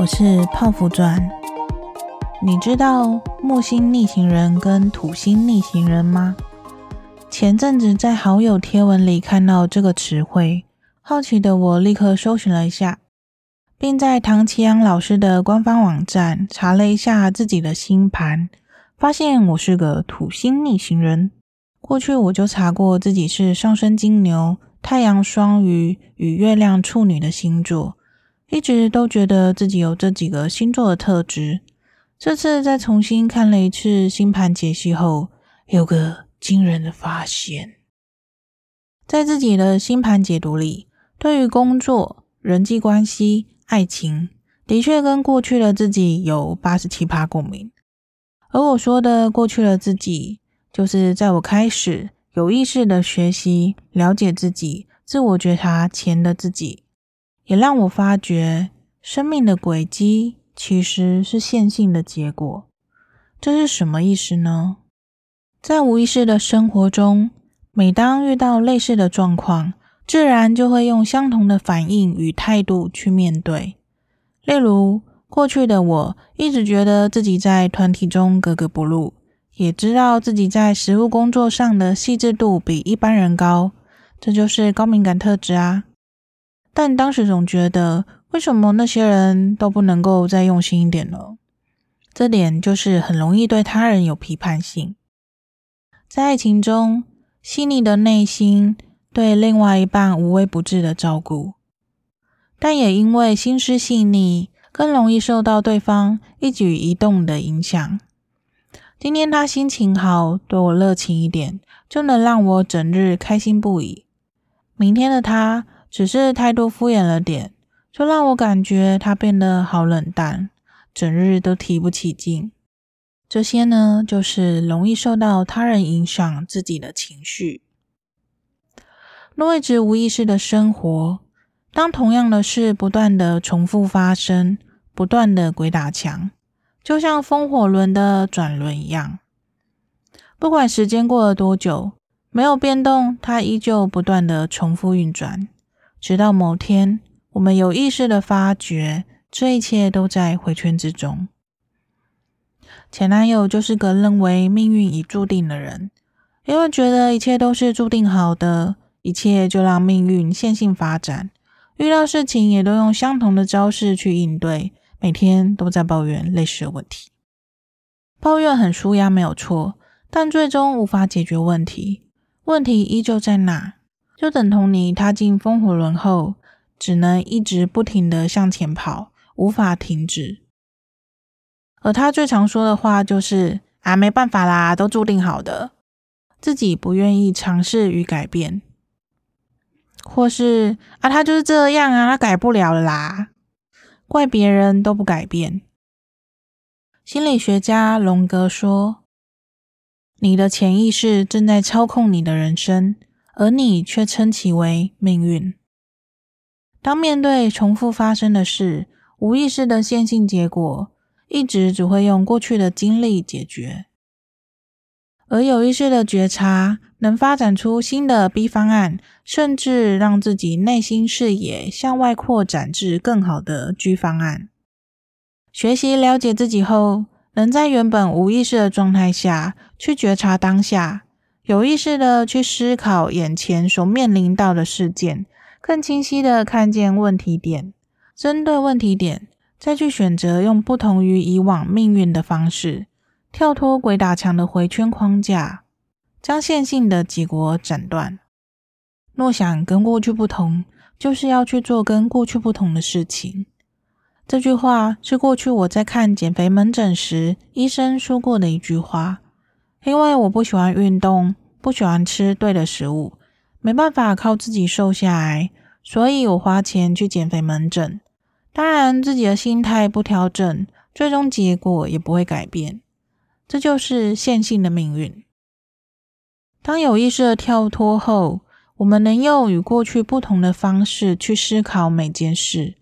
我是泡芙鑽，你知道木星逆行人跟土星逆行人嗎？前陣子在好友貼文裡看到這個詞彙，好奇的我立刻搜尋了一下，並在唐綺陽老師的官方網站查了一下自己的星盤，發現我是個土星逆行人。過去我就查過自己是上升金牛、太陽雙魚與月亮處女的星座。一直都覺得自己有這幾個星座的特質，這次再重新看了一次星盤解析後，有個驚人的發現，在自己的星盤解讀裡，對於工作、人際關係、愛情，的確跟過去的自己有八十七趴共鳴。而我說的過去的自己，就是在我開始有意識的學習了解自己、自我覺察前的自己。也讓我發覺，生命的軌跡其實是線性的結果。這是什麼意思呢？在無意識的生活中，每當遇到類似的狀況，自然就會用相同的反應與態度去面對。例如，過去的我一直覺得自己在團體中格格不入，也知道自己在食物工作上的細緻度比一般人高，這就是高敏感特質啊。但當時總覺得，為什麼那些人都不能夠再用心一點呢？這點就是很容易對他人有批判性。在愛情中，細膩的內心對另外一半無微不至的照顧，但也因為心思細膩，更容易受到對方一舉一動的影響。今天他心情好，對我熱情一點，就能讓我整日開心不已。明天的他。只是態度敷衍了點，就讓我感覺他變得好冷淡，整日都提不起勁。這些呢，就是容易受到他人影響自己的情緒，若一直無意識的生活，當同樣的事不斷的重複發生，不斷的鬼打牆，就像風火輪的轉輪一樣，不管時間過了多久，沒有變動，它依舊不斷的重複運轉。直到某天，我們有意識的發覺，這一切都在迴圈之中。前男友就是個認為命運已注定的人，因為覺得一切都是注定好的，一切就讓命運線性發展，遇到事情也都用相同的招式去應對，每天都在抱怨類似的問題。抱怨很舒壓沒有錯，但最終無法解決問題，問題依舊在那。就等同你踏進風火輪後，只能一直不停地向前跑，無法停止。而他最常說的話就是：“啊，沒辦法啦，都注定好的，自己不願意嘗試與改變，或是啊，他就是這樣啊，他改不了了啦，怪別人都不改變。”心理學家榮格說：“你的潛意識正在操控你的人生。”而你卻稱其為命運。當面對重複發生的事，無意識的線性結果，一直只會用過去的經歷解決；而有意識的覺察，能發展出新的 B 方案，甚至讓自己內心視野向外擴展至更好的 G 方案。學習了解自己後，能在原本無意識的狀態下去覺察當下。有意識的去思考眼前所面臨到的事件，更清晰的看見問題點，針對問題點，再去選擇用不同於以往命運的方式，跳脫鬼打牆的回圈框架，將線性的結果斬斷。若想跟過去不同，就是要去做跟過去不同的事情。這句話是過去我在看減肥門診時，醫生說過的一句話，因為我不喜歡運動。不喜歡吃對的食物，沒辦法靠自己瘦下來，所以我花錢去減肥門診。當然，自己的心態不調整，最終結果也不會改變。這就是線性的命運。當有意識的跳脫後，我們能用與過去不同的方式去思考每件事，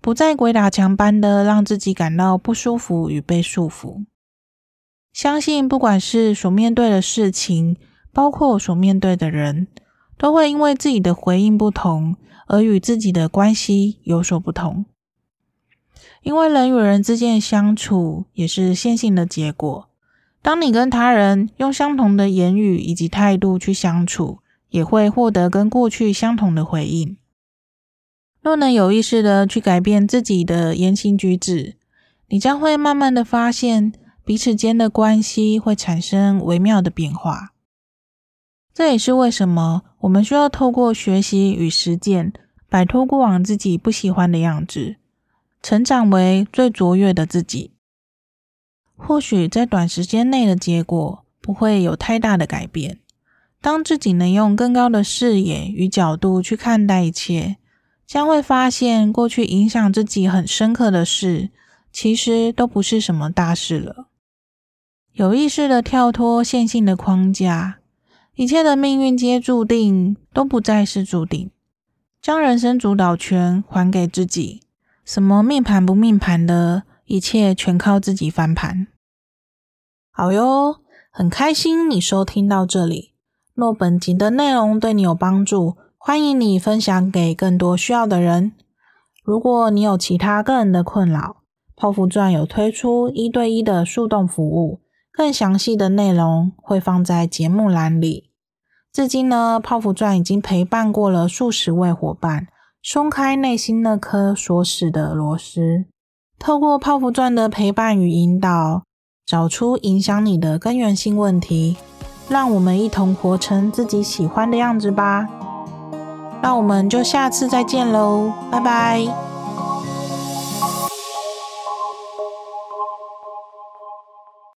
不再鬼打牆般的讓自己感到不舒服與被束縛。相信，不管是所面對的事情，包括所面對的人，都會因為自己的回應不同而與自己的關係有所不同。因為人與人之間相處也是線性的結果。當你跟他人用相同的言語以及態度去相處，也會獲得跟過去相同的回應。若能有意識的去改變自己的言行舉止，你將會慢慢的發現彼此間的關係會產生微妙的變化。這也是為什麼我們需要透過學習與實踐，擺脫過往自己不喜歡的樣子，成長為最卓越的自己。或許在短時間內的結果不會有太大的改變，當自己能用更高的視野與角度去看待一切，將會發現過去影響自己很深刻的事，其實都不是什麼大事了。有意識地跳脫線性的框架。一切的命運皆注定，都不再是注定。將人生主導權還給自己，什麼命盤不命盤的，一切全靠自己翻盤。好喲，很開心你收聽到這裡。若本集的內容對你有幫助，歡迎你分享給更多需要的人。如果你有其他個人的困擾，泡芙鑽有推出一對一的樹洞服務，更詳細的內容會放在節目欄裡。至今呢，泡芙鑽已經陪伴過了數十位夥伴，鬆開內心那顆鎖死的螺絲。透過泡芙鑽的陪伴與引導，找出影響你的根源性問題，讓我們一同活成自己喜歡的樣子吧。那我們就下次再見囉，拜拜。